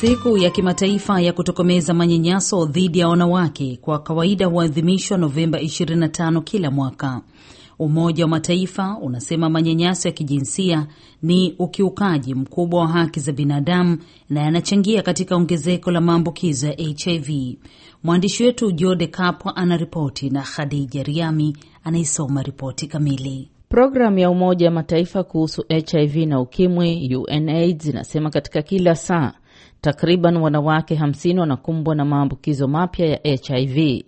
Siku ya kimataifa ya kutokomeza manyanyaso dhidi ya wanawake kwa kawaida huadhimishwa Novemba 25 kila mwaka. Umoja wa Mataifa unasema manyanyaso ya kijinsia ni ukiukaji mkubwa wa haki za binadamu na yanachangia katika ongezeko la maambukizo ya HIV. Mwandishi wetu Jode Kapwa anaripoti na Khadija Riami anaisoma ripoti kamili. Programu ya Umoja wa Mataifa kuhusu HIV na Ukimwi, UNAIDS, inasema katika kila saa Takriban wanawake 50 wanakumbwa na maambukizo mapya ya HIV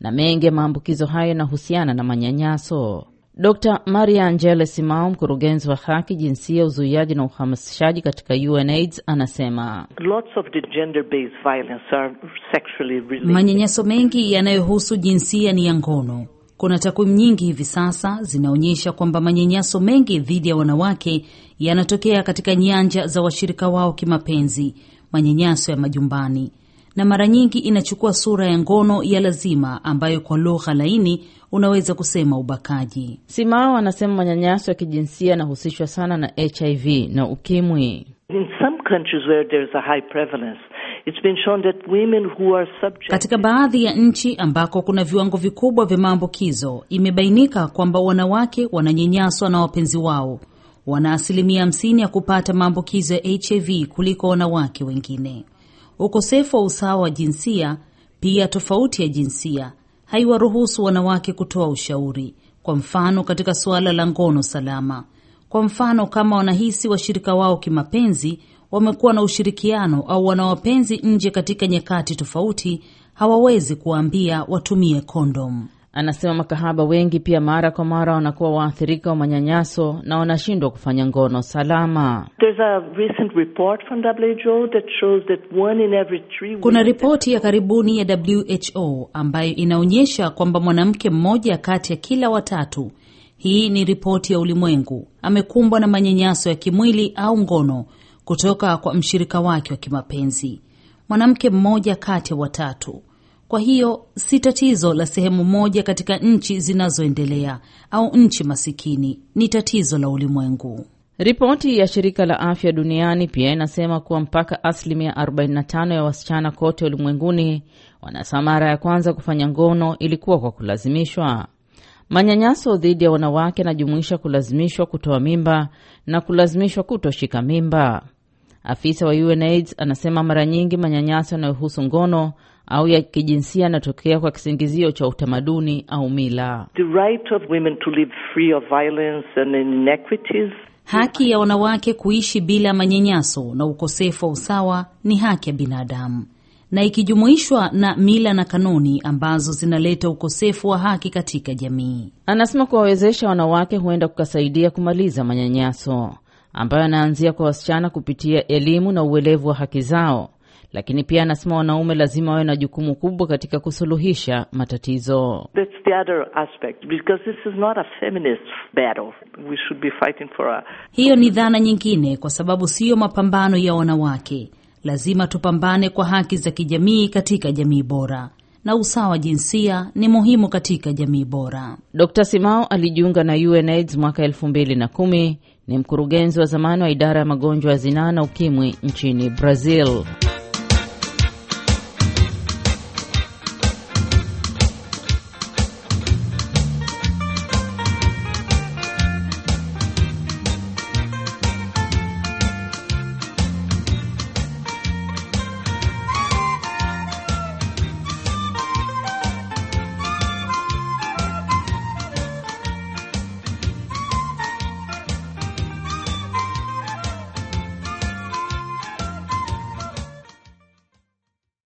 na mengi ya maambukizo hayo yanahusiana na manyanyaso. Dr Maria Angele Simao, mkurugenzi wa haki jinsia, uzuiaji na uhamasishaji katika UNAIDS, anasema manyanyaso mengi yanayohusu jinsia ni ya ngono. Kuna takwimu nyingi hivi sasa zinaonyesha kwamba manyanyaso mengi dhidi ya wanawake yanatokea katika nyanja za washirika wao kimapenzi, manyanyaso ya majumbani na mara nyingi inachukua sura ya ngono ya lazima ambayo kwa lugha laini unaweza kusema ubakaji. Simao anasema manyanyaso ya kijinsia yanahusishwa sana na HIV na ukimwi. In some countries where there's a high prevalence, it's been shown that women who are subject... Katika baadhi ya nchi ambako kuna viwango vikubwa vya maambukizo, imebainika kwamba wanawake wananyanyaswa na wapenzi wao wana asilimia 50 ya kupata maambukizo ya HIV kuliko wanawake wengine. Ukosefu wa usawa wa jinsia, pia tofauti ya jinsia haiwaruhusu wanawake kutoa ushauri, kwa mfano katika suala la ngono salama. Kwa mfano, kama wanahisi washirika wao kimapenzi wamekuwa na ushirikiano au wana wapenzi nje katika nyakati tofauti, hawawezi kuwaambia watumie kondomu. Anasema makahaba wengi pia mara kwa mara wanakuwa waathirika wa manyanyaso na wanashindwa kufanya ngono salama. Kuna ripoti ya karibuni ya WHO ambayo inaonyesha kwamba mwanamke mmoja kati ya kila watatu, hii ni ripoti ya ulimwengu, amekumbwa na manyanyaso ya kimwili au ngono kutoka kwa mshirika wake wa kimapenzi. Mwanamke mmoja kati ya watatu kwa hiyo si tatizo la sehemu moja katika nchi zinazoendelea au nchi masikini, ni tatizo la ulimwengu. Ripoti ya shirika la afya duniani pia inasema kuwa mpaka asilimia 45 ya wasichana kote ulimwenguni wanasema mara ya kwanza kufanya ngono ilikuwa kwa kulazimishwa. Manyanyaso dhidi ya wanawake yanajumuisha kulazimishwa kutoa mimba na kulazimishwa kutoshika mimba. Afisa wa UNAIDS anasema mara nyingi manyanyaso yanayohusu ngono au ya kijinsia yanatokea kwa kisingizio cha utamaduni au mila. The right of women to live free of violence and inequities. Haki ya wanawake kuishi bila manyanyaso na ukosefu wa usawa ni haki ya binadamu, na ikijumuishwa na mila na kanuni ambazo zinaleta ukosefu wa haki katika jamii. Anasema kuwawezesha wanawake huenda kukasaidia kumaliza manyanyaso ambayo anaanzia kwa wasichana kupitia elimu na uelevu wa haki zao, lakini pia anasema wanaume lazima wawe na jukumu kubwa katika kusuluhisha matatizo. hiyo ni dhana nyingine, kwa sababu siyo mapambano ya wanawake. Lazima tupambane kwa haki za kijamii katika jamii bora na usawa jinsia ni muhimu katika jamii bora. Dr Simao alijiunga na UNAIDS mwaka elfu mbili na kumi ni mkurugenzi wa zamani wa idara ya magonjwa ya zinaa na ukimwi nchini Brazil.